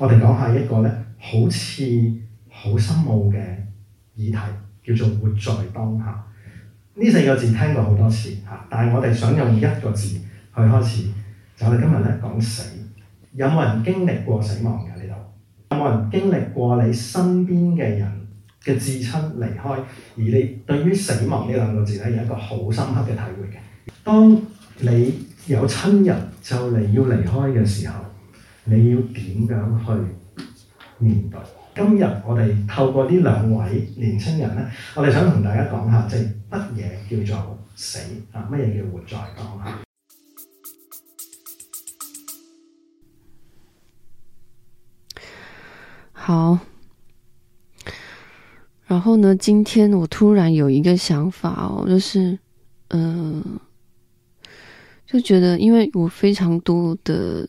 我哋講下一個呢，好似好深奧嘅議題，叫做活在當下。呢四個字聽過好多次，但係我哋想用一個字去開始。就我哋今日呢講死，有冇人經歷過死亡㗎？呢度有冇人經歷過你身邊嘅人嘅至親離開，而你對於死亡呢兩個字呢，有一個好深刻嘅體會。當你有親人就嚟要離開嘅時候。你要點樣去面對？今日我哋透過呢兩位年輕人咧，我哋想同大家講下，即係乜嘢叫做死啊？乜嘢叫活在當下？好，然後呢，今天我突然有一個想法哦，就是，嗯、呃，就覺得因為我非常多的，